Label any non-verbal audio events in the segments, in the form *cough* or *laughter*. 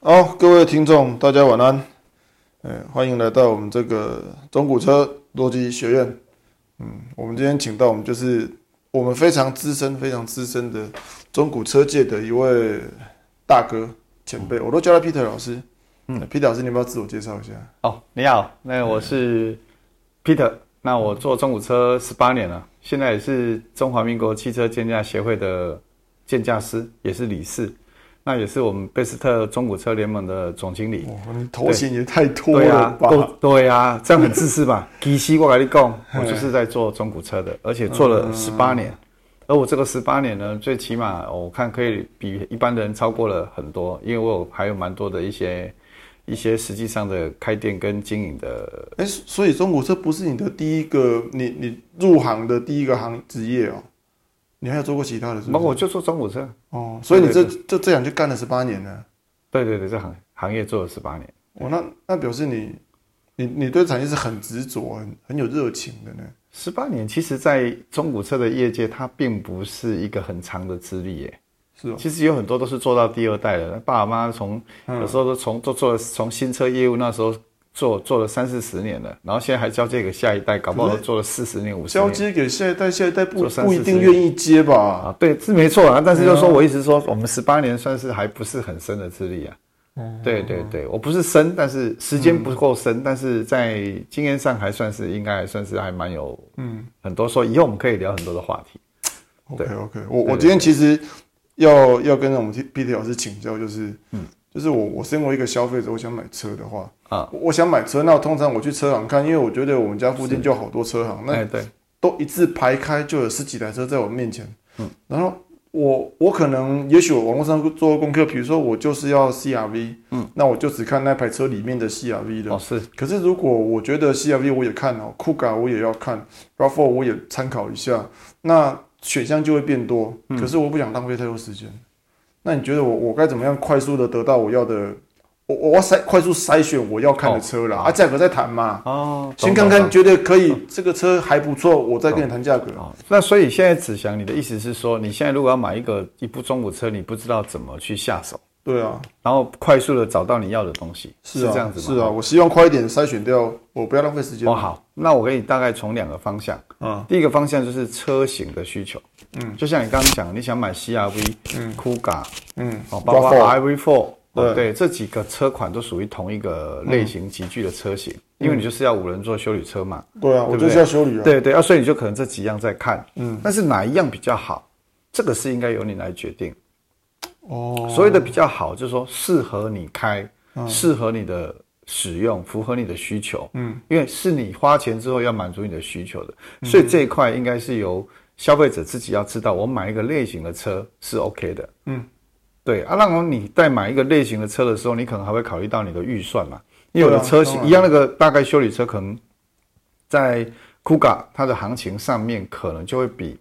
好、哦，各位聽眾，大家晚安、欸。歡迎來到我們這個中古車邏輯學院。嗯，我們今天請到我們就是我們非常資深、非常資深的中古車界的一位大哥前輩，我都叫他 Peter 老師。嗯，Peter 老師，你要不要自我介紹一下。哦，你好，那我是 Peter，、嗯、那我做中古車十八年了，現在也是中華民國汽車鑑價協會的鑑價師，也是理事。那也是我們貝斯特中古車聯盟的總經理，哦、你頭銜也太多了吧。對對、啊，對啊，這樣很自私吧？ *laughs* 其實我跟你講，對我就是在做中古車的，而且做了十八年。嗯嗯，而我這個十八年呢，最起碼我看可以比一般人超過了很多，因為我有還有蠻多的一些一些實際上的開店跟經營的、欸。所以中古車不是你的第一個，你你入行的第一個行職業哦。你還有做過其他的是是？事嗎？我就做中古車哦，所以你這對對對，就這樣就幹了十八年了。對對對，這行行業做了十八年。哦，那那表示你，你你對產業是很執着、很很有熱情的呢。十八年，其實，在中古車的業界，它並不是一個很長的資歷耶。是哦，其實有很多都是做到第二代的，爸爸媽媽從有時候從都做從新車業務那時候。做做了三四十年了，然後現在還交接給下一代，搞不好做了四十年、對五十年。交接給下一代，下一代不不一定願意接吧？啊，對，是沒錯啊。但是就是說我一直說，嗯哦、我們十八年算是還不是很深的資歷啊。嗯哦、對對對，我不是深，但是時間不夠深，嗯、但是在經驗上還算是應該還算是還蠻有嗯很多。說以後我們可以聊很多的話題。o okay, OK，我對對對對我今天其實要要跟我們 Peter 老師請教，就是嗯。.就是我，我身為一個消費者，我想買車的話啊我，我想買車，那我通常我去車行看，因為我覺得我們家附近就好多車行，是，那你、欸、對，都一字排開，就有十幾台車在我面前。嗯，然後我我可能，也許我網絡上做功課，比如說我就是要 CRV，嗯，那我就只看那排車裡面的 CRV 的。哦、嗯，是。可是如果我覺得 CRV 我也看哦，Kuga 我，我也要看 RAV4 我也參考一下，那選項就會變多。嗯。可是我不想浪費太多時間。那你覺得我我該怎麼樣快速的得到我要的？我我要篩快速篩選我要看的車啦，哦、啊，價格再談嘛。啊、哦，先看看你覺得可以，哦、這個車還不錯，哦、我再跟你談價格。啊、哦哦，那所以現在子祥，你的意思是說，你現在如果要買一個一部中古車，你不知道怎麼去下手？對啊，然後快速的找到你要的東西是這樣子嗎？是啊，我希望快一點篩選掉，我不要浪費時間哦。好，那我給你大概從兩個方向，嗯，第一個方向就是車型的需求，嗯，就像你剛剛講，你想買 CRV，嗯，Kuga，嗯，哦，包括 iV4，對不對？這幾個車款都屬於同一個類型級距的車型，因為你就是要五人座休旅車嘛，對啊，我就是要休旅，對對啊，所以你就可能這幾樣在看，嗯，但是哪一樣比較好，這個是應該由你來決定。哦，oh, 所謂的比較好，就是說適合你開，嗯、適合你的使用，符合你的需求。嗯，因為是你花錢之後要滿足你的需求的，嗯、所以這一塊應該是由消費者自己要知道，我買一個類型的車是 OK 的。嗯，對啊，那麼你在買一個類型的車的時候，你可能還會考慮到你的預算嘛？啊、因為有的車型、嗯、一樣，那個大概休旅車可能在 Kuga 它的行情上面可能就會比。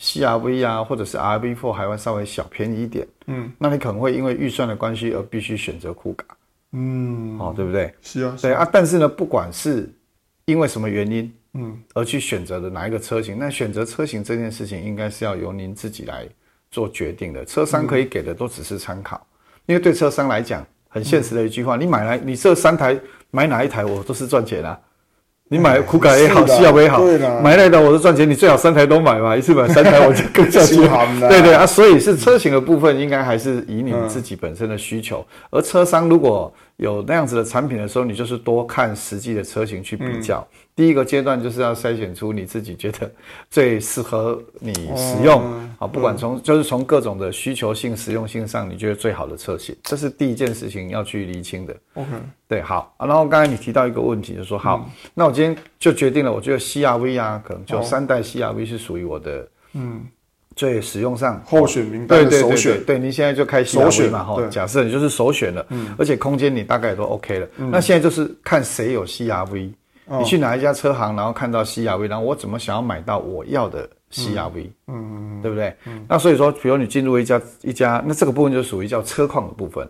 C R V 啊，或者是 R V Four，還會稍微小便宜一點。嗯，那你可能會因為預算的關係而必須選擇酷卡。嗯，哦、喔，對不對？是啊，是啊，對啊。但是呢，不管是因為什麼原因，嗯，而去選擇的哪一個車型，嗯、那選擇車型這件事情，應該是要由您自己來做決定的。車商可以給的都只是參考，嗯、因為對車商來講，很現實的一句話，嗯、你買來你這三台買哪一台，我都是賺錢的、啊。你買酷改也好，逍客也好，買來的我都賺錢。你最好三台都買嘛，一次買三台，我就更賺錢。對對啊，啊，所以是車型的部分，應該還是以你自己本身的需求。而車商如果。有那樣子的產品的時候，你就是多看實際的車型去比較。嗯、第一個階段就是要篩選出你自己覺得最適合你使用，哦、好，不管從、嗯、就是從各種的需求性、實用性上，你覺得最好的車型，這是第一件事情要去釐清的。Okay. 對，好、啊、然後剛才你提到一個問題，就說好，嗯、那我今天就決定了，我覺得 CRV 啊，可能就三代 CRV、啊哦、是屬於我的。嗯。對，所以使用上候選名單的首選，對你現在就開始首選嘛哈？假設你就是首選了，嗯、而且空間你大概也都 OK 了，嗯、那現在就是看誰有 CRV、嗯、你去哪一家車行，然後看到 CRV，然後我怎麼想要買到我要的 CRV，嗯，對不對？嗯嗯、那所以說，比如你進入一家一家，那這個部分就屬於叫車況的部分。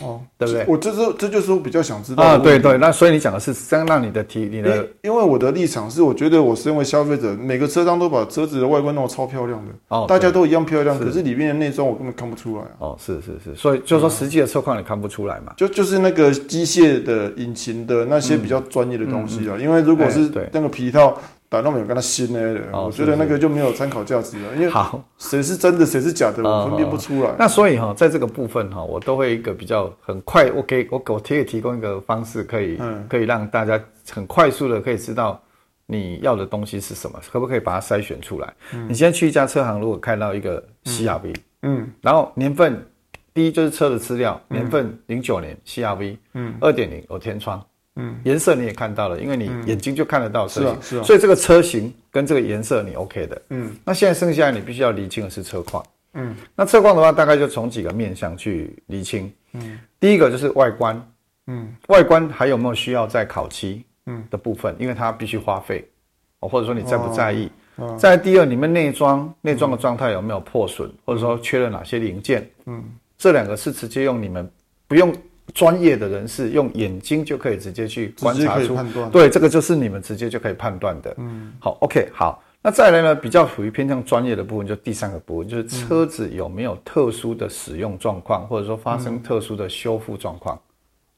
哦，對不對？我這、就是，這就是我比較想知道的啊。對對，那所以你講的是先讓你的提你的因，因為我的立場是，我覺得我身為消費者，每個車商都把車子的外觀弄得超漂亮的哦，大家都一樣漂亮，是可是裡面的內裝我根本看不出來、啊、哦。是是是，所以就是說實際的車況你看不出來嘛？嗯、就就是那個機械的、引擎的那些比較專業的東西啊。因為如果是那個皮套。打那麼有跟他新呢？哦，我覺得那個就沒有參考價值了。是是 因為好，誰是真的，誰是假的，我分辨不出來。嗯，那所以哈，在這個部分哈，我都會一個比較很快，我給我給我提提供一個方式，可以可以讓大家很快速的可以知道你要的東西是什麼，可不可以把它篩選出來？你現在去一家車行，如果看到一個 CRV，嗯，然後年份，第一就是車的資料，年份零九年 CRV，嗯，二點零有天窗。嗯，顏色你也看到了，因為你眼睛就看得到，車型。嗯、所以這個車型跟這個顏色你 OK 的。嗯，那現在剩下你必須要釐清的是車況。嗯，那車況的話，大概就從幾個面向去釐清。嗯，第一個就是外觀。嗯，外觀還有沒有需要再烤漆嗯的部分，嗯、因為它必須花費、哦，或者說你在不在意，再、哦哦、第二，你們內裝內裝的狀態有沒有破損，嗯、或者說缺了哪些零件？嗯，這兩個是直接用你們不用。專業的人士用眼睛就可以直接去觀察出，對，這個就是你們直接就可以判斷的。嗯，好，OK，好，那再來呢，比較屬於偏向專業的部分，就第三個部分，就是車子有沒有特殊的使用狀況，或者說發生特殊的修復狀況，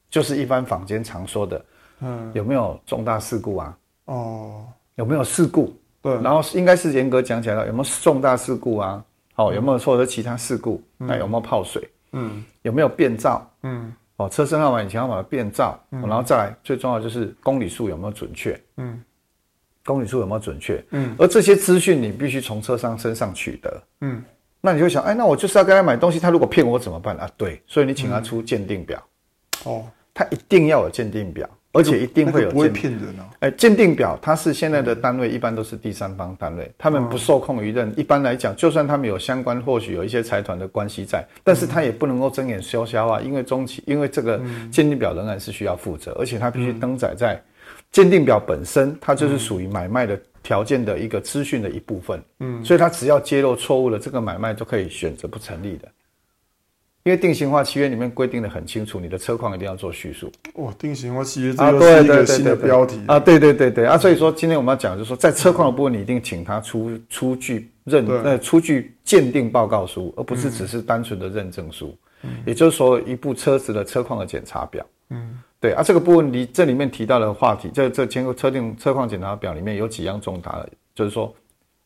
就是一般坊間常說的，嗯，有沒有重大事故啊？哦，有沒有事故？對，然後應該是嚴格講起來了，有沒有重大事故啊？哦，有沒有或者其他事故？那有沒有泡水？嗯，有沒有變造？嗯。哦，車身號碼以前要把它變造，嗯、然後再來，最重要就是公里數有沒有準確？嗯，公里數有沒有準確？嗯，而這些資訊你必須從車商身上取得。嗯，那你就會想，哎，那我就是要跟他買東西，他如果騙我，我怎麼辦啊？對，所以你請他出鑑定表，哦、嗯，他一定要有鑑定表。哦而且一定會有不會騙的人啊！哎，鑑定表它是現在的單位，一般都是第三方單位，他們不受控於任。一般來講，就算他們有相關，或許有一些財團的關係在，但是他也不能夠睜眼說瞎話！因為中期，因為這個鑑定表仍然是需要負責，而且他必須登載在鑑定表本身，它就是屬於買賣的條件的一個資訊的一部分。嗯，所以他只要揭露錯誤了，這個買賣都可以選擇不成立的。因為定型化契約裡面規定得很清楚，你的車況一定要做敘述。哇，定型化契約這個新的、啊、對,對對對，新的標題啊，對對對對啊，所以說今天我們要講，就是說在車況的部分，你一定請他出出具認呃、嗯、出具鑑定報告書，對而不是只是單純的認證書。嗯、也就是說，一部車子的車況的檢查表。嗯，對啊，這個部分你這裡面提到的話題，這這經過車定車況檢查表裡面有幾樣重大的，就是說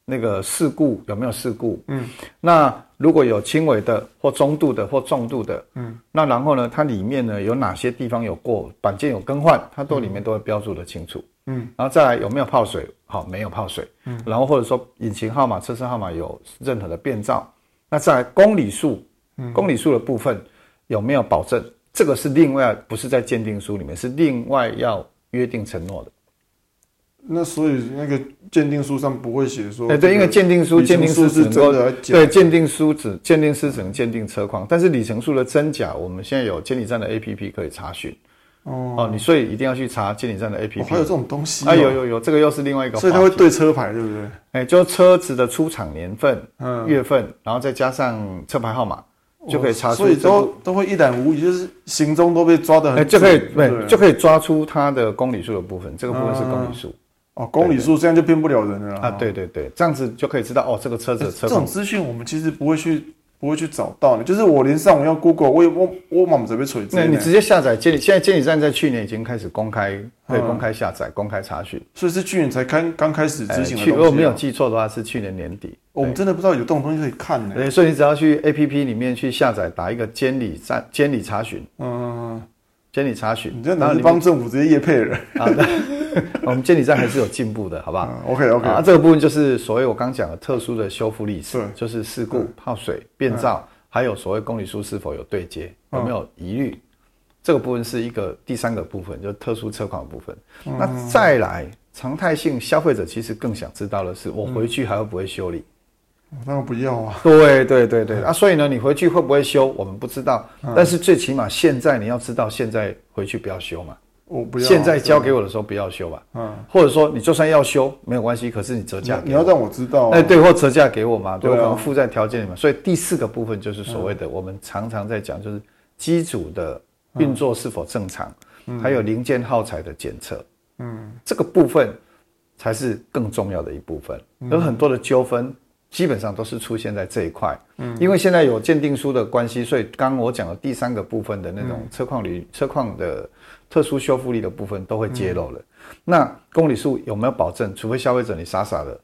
那個事故有沒有事故？嗯，那。如果有輕微的或中度的或重度的，嗯，那然後呢？它裡面呢有哪些地方有過板件有更換？它都裡面都會標注的清楚，嗯，然後再來有沒有泡水？好，哦，沒有泡水，嗯，然後或者說引擎號碼、車身號碼有任何的變造？那再來公里數，嗯，公里數的部分有沒有保證？這個是另外不是在鑑定書裡面，是另外要約定承諾的。那所以那個鑑定書上不會寫說，哎，對，因為鑑定書鑑定書是真的，對，鑑定書只鑑定師只能鑑定車況，但是里程數的真假，我們現在有監理站的 APP 可以查詢。哦，你所以一定要去查監理站的 APP。還有這種東西？哎，有有有，這個又是另外一個。所以它會對車牌對不對？哎，就車子的出廠年份、月份，然後再加上車牌號碼，就可以查出。所以都都會一覽無餘，就是行蹤都被抓得很。哎，就可以，對，就可以抓出它的公里數的部分，這個部分是公里數。哦，公里數這樣就騙不了人了啊！對對對，這樣子就可以知道哦，這個車子。這種資訊我們其實不會去，不會去找到的。就是我連上網要 Google，我也我我忙不這邊處理。那你直接下載監，現在監理站在去年已經開始公開，可以公開下載、公開查詢。所以是去年才開，剛開始執行。如果沒有記錯的話，是去年年底。我們真的不知道有這種東西可以看呢。所以你只要去 APP 裡面去下載，打一個監理站、監理查詢。嗯，監理查詢。你在拿你幫政府直接業配人。好的。 *laughs* 我們監理站還是有進步的，好不好、嗯、？OK OK。那、啊、這個部分就是所謂我剛講的特殊的修復歷史，對就是事故、嗯、泡水、變造，嗯、還有所謂公里數是否有對接，嗯、有沒有疑慮？這個部分是一個第三個部分，就是特殊車款的部分。嗯、那再來，常態性消費者其實更想知道的是，我回去還會不會修理？那我不要啊！對，對對對對，啊，所以呢，你回去會不會修，我們不知道。嗯、但是最起碼現在你要知道，現在回去不要修嘛。現在交給我的時候不要修吧，嗯，或者說你就算要修沒有關係，可是你折價，你要讓我知道，哎，對，或折價給我嘛，對，我可能附在條件裡面。所以第四個部分就是所謂的我們常常在講，就是機組的運作是否正常，還有零件耗材的檢測，嗯，這個部分才是更重要的一部分。有很多的糾紛基本上都是出現在這一塊，嗯，因為現在有鑑定書的關係，所以剛我講的第三個部分的那種車況裡車況的。特殊修復力的部分都會揭露了，嗯、那公里數有沒有保證？除非消費者你傻傻的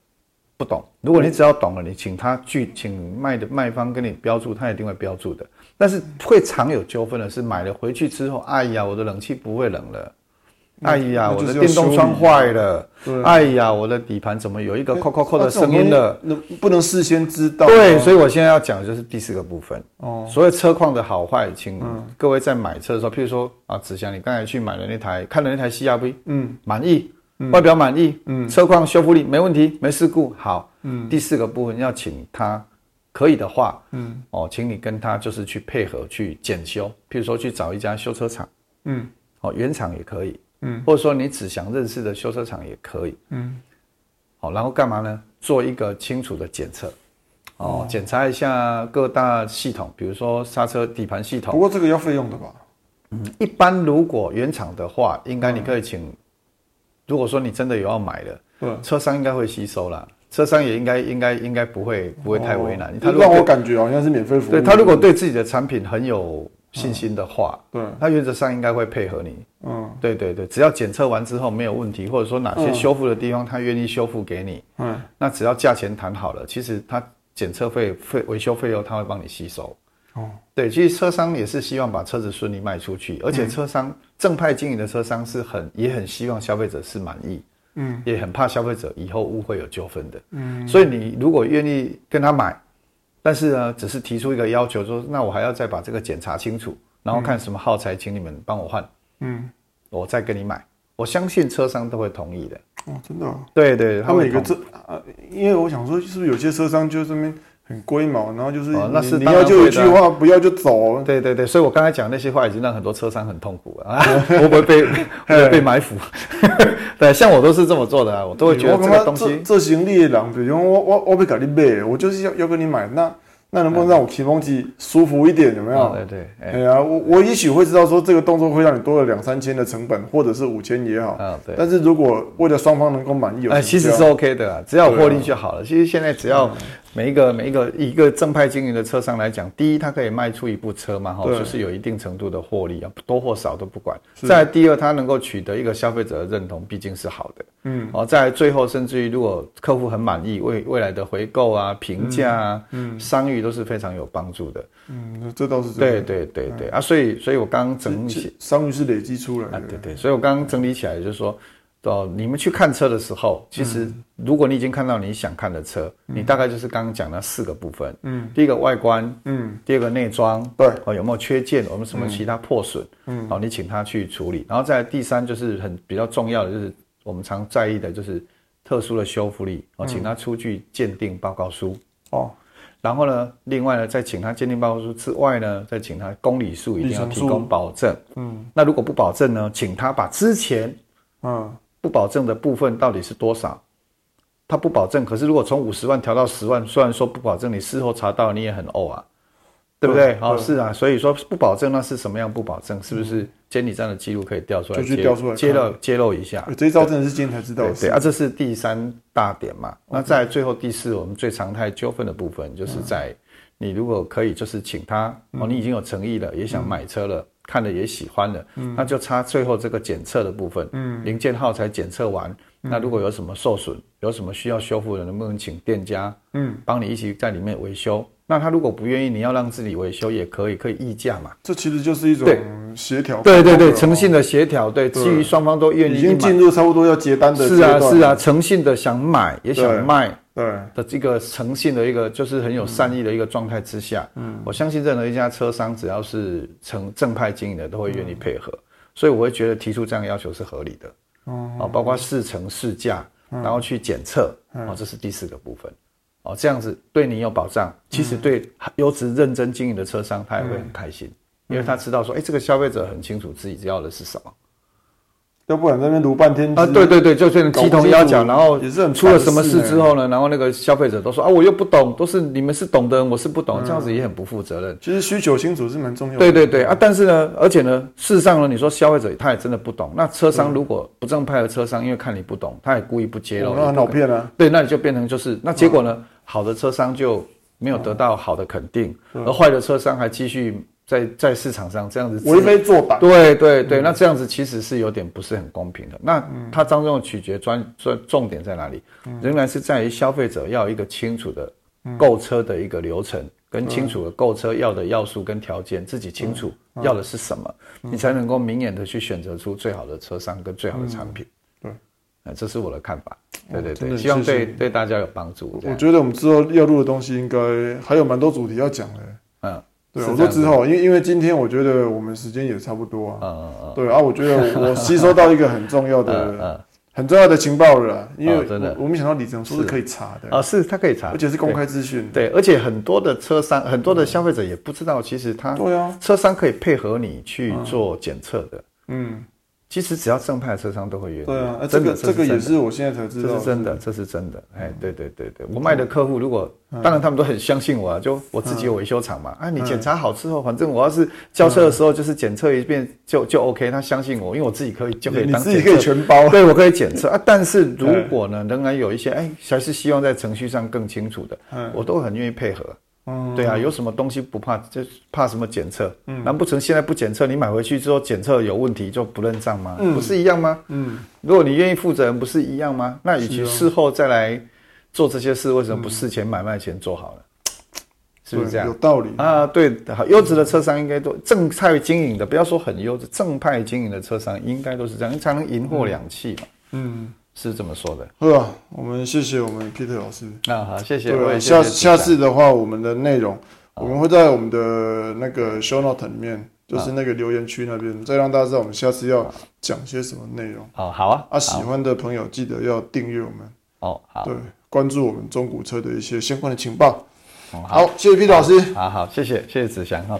不懂，如果你只要懂了，你請他去請賣的賣方跟你標註，他一定會標註的。但是會常有糾紛的是，買了回去之後，哎呀，我的冷氣不會冷了。哎呀，我的電動窗壞了。對，哎呀，我的底盤怎麼有一個“扣扣扣”的聲音了？欸啊、不能事先知道。對，所以我現在要講的就是第四個部分。哦，所謂車況的好壞，請各位在買車的時候，譬如說啊，紫霞你剛才去買了那台，看了那台 CRV，嗯，滿意，嗯、外表滿意，嗯，車況修復力沒問題，沒事故，好。嗯，第四個部分要請他可以的話，嗯，哦，請你跟他就是去配合去檢修，譬如說去找一家修車廠，嗯，哦，原廠也可以。嗯，或者說你只想認識的修車廠也可以。嗯，好、喔，然後幹嘛呢？做一個清楚的檢測，哦、喔，嗯、檢查一下各大系統，比如說剎車、底盤系統。不過這個要費用的吧、嗯？一般如果原廠的話，應該你可以請。嗯、如果說你真的有要買的，嗯、車商應該會吸收啦。車商也應該應該應該不會不會太為難。哦、因為他讓我感覺好像是免費服務。對，他如果對自己的產品很有。信心的話，哦、對，他原則上應該會配合你。嗯、哦，對對對，只要檢測完之後沒有問題，或者說哪些修復的地方他願意修復給你，嗯、哦，那只要價錢談好了，其實他檢測費費維修費用他會幫你吸收。哦，對，其實車商也是希望把車子順利賣出去，而且車商、嗯、正派經營的車商是很也很希望消費者是滿意，嗯，也很怕消費者以後誤會有糾紛的，嗯，所以你如果願意跟他買。但是呢，只是提出一個要求說，說那我還要再把這個檢查清楚，然後看什麼耗材，請你們幫我換，嗯，我再跟你買，我相信車商都會同意的。哦，真的？對對，他們他每個車、呃，因為我想說，是不是有些車商就這邊。很龜毛，然後就是你要就一句話，不要就走。對對對，所以我剛才講的那些話已經讓很多車商很痛苦了啊，會 *laughs* 不會被 *laughs* 我不會被埋伏？ *laughs* 對，像我都是這麼做的，啊，我都會覺得這個東西。我行李兩，比如說我我我不跟你買，我就是要要跟你買，那那能不能讓我騎風機舒服一點，有沒有？哦、對對。哎呀，我、啊、我也許會知道說這個動作會讓你多了兩三千的成本，或者是五千也好。嗯、哦，對。但是如果為了雙方能夠滿意，我哎，其實是 OK 的，只要獲利就好了。哦、其實現在只要。嗯每一個每一個一個正派經營的車商來講，第一，他可以賣出一部車嘛，哈對，就是有一定程度的獲利啊，多或少都不管。是再第二，他能夠取得一個消費者的認同，畢竟是好的，嗯，哦，在最後甚至於如果客戶很滿意，未未來的回購啊、評價啊、嗯嗯、商譽都是非常有幫助的。嗯，這倒是真的，對對對對，對，對啊，所以所以我剛，剛整理起，商譽是累積出來的，啊、對對，所以我剛，剛整理起來就是說。哦，你們去看車的時候，其實如果你已經看到你想看的車，嗯、你大概就是剛剛講那四個部分，嗯，第一個外觀，嗯，第二個內裝，對，哦，有沒有缺件，有沒有什麼其他破損，嗯、哦，你請他去處理，然後再來第三就是很比較重要的就是我們常在意的就是特殊的修復力，哦，請他出具鑑定報告書，哦，然後呢，另外呢，再請他鑑定報告書之外呢，再請他公里數一定要提供保證，嗯，那如果不保證呢，請他把之前，嗯、哦。不保證的部分到底是多少？他不保證。可是如果從五十萬調到十萬，雖然說不保證，你事後查到你也很嘔啊，對不對？好，哦，是啊。所以說不保證，那是什麼樣不保證？是不是監理站的記錄可以調出來接？就去調出來揭露一下。這招真的是今天才知道的，對。對啊，這是第三大點嘛。Okay. 那在最後第四，我們最常態糾紛的部分，就是在，嗯，你如果可以，就是請他，嗯、哦，你已經有誠意了，也想買車了。嗯看了也喜歡的，嗯、那就差最後這個檢測的部分，嗯、零件號才檢測完。嗯、那如果有什麼受損，有什麼需要修復的，能不能請店家，嗯，幫你一起在裡面維修？那他如果不願意，你要讓自己維修也可以，可以議價嘛。這其實就是一種協調對，對對對，誠信的協調，對，基於雙方都願意。已經進入差不多要結單的時候。是啊，是啊，誠信的想買也想賣。對的，一個誠信的一個就是很有善意的一個狀態之下，嗯，我相信任何一家車商只要是成正派經營的，都會願意配合，嗯、所以我會覺得提出這樣的要求是合理的，哦，包括試乘試駕，嗯、然後去檢測，嗯，這是第四個部分，哦，這樣子對你有保障，其實對優質認真經營的車商他也會很開心，嗯、因為他知道說，哎，這個消費者很清楚自己要的是什麼。都不敢在那邊讀半天啊！對對對，就變成雞同鴨講，然後也是很出了什麼事之後呢，然後那個消費者都說啊，我又不懂，都是你們是懂的人，我是不懂，嗯、這樣子也很不負責任。其實需求清楚是蠻重要的。對對對啊，但是呢，而且呢，事實上呢，你說消費者他也真的不懂。那車商如果不正派的車商，嗯、因為看你不懂，他也故意不揭露，嗯、那很好騙啊。對，那你就變成就是那結果呢，嗯、好的車商就沒有得到好的肯定，嗯、而壞的車商還繼續。在在市場上這樣子為非作歹，對對對，嗯、那這樣子其實是有點不是很公平的。嗯、那他當中的取決專專重點在哪裡？嗯、仍然是在於消費者要一個清楚的購車的一個流程，嗯、跟清楚的購車要的要素跟條件，嗯、自己清楚，要的是什麼，嗯嗯、你才能夠明眼的去選擇出最好的車商跟最好的產品。嗯、對，這是我的看法。對對對，哦、希望對對大家有幫助。我覺得我們之後要錄的東西應該還有蠻多主題要講的。對，我說之後，因為因為今天我覺得我們時間也差不多啊。啊啊對啊，我覺得我吸收到一個很重要的、 *laughs* 啊啊、很重要的情報了。因為、哦、真的，我沒想到里程是可以查的啊、哦，是它可以查，而且是公開資訊對。對，而且很多的車商、很多的消費者也不知道，其實它對啊，車商可以配合你去做檢測的。啊、嗯。其實只要正派的車商都會願意。對啊，呃、的這個這，這個也是我現在才知道。這是真的，是嗎這是真的。哎，對對對對，我賣的客戶如果，嗯、當然他們都很相信我啊，就我自己有維修廠嘛。嗯、啊，你檢查好之後，反正我要是交車的時候就是檢測一遍就就 OK。他相信我，因為我自己可以就可以當。你自己可以全包。啊。對，我可以檢測啊。但是如果呢，仍然有一些哎，還是希望在程序上更清楚的，嗯、我都很願意配合。嗯、對啊，有什麼東西不怕？就怕什麼檢測？嗯，難不成現在不檢測，你買回去之後檢測有問題就不認賬嗎？嗯、不是一樣嗎？嗯，如果你願意負責人不是一樣嗎？那與其事後再來做這些事，哦、為什麼不事前買賣前做好了？嗯、是不是這樣？有道理啊！對，好，優質的車商應該都正派經營的，不要說很優質，正派經營的車商應該都是這樣，你才能銀貨兩訖嘛嗯。嗯。是怎麼說的？好，我們謝謝我們 Peter 老師。那、哦、好，謝謝各位。對吧，謝謝下次，下次的話，我們的內容，哦、我們會在我們的那個 Show Note 裡面，就是那個留言區那邊，哦、再讓大家知道我們下次要講些什麼內容。哦，好啊。啊，啊喜歡的朋友記得要訂閱我們。哦，好、啊。對，關注我們中古車的一些相關的情報。哦、好，好，謝謝 Peter 老師。好好，好，謝謝，謝謝子祥。好。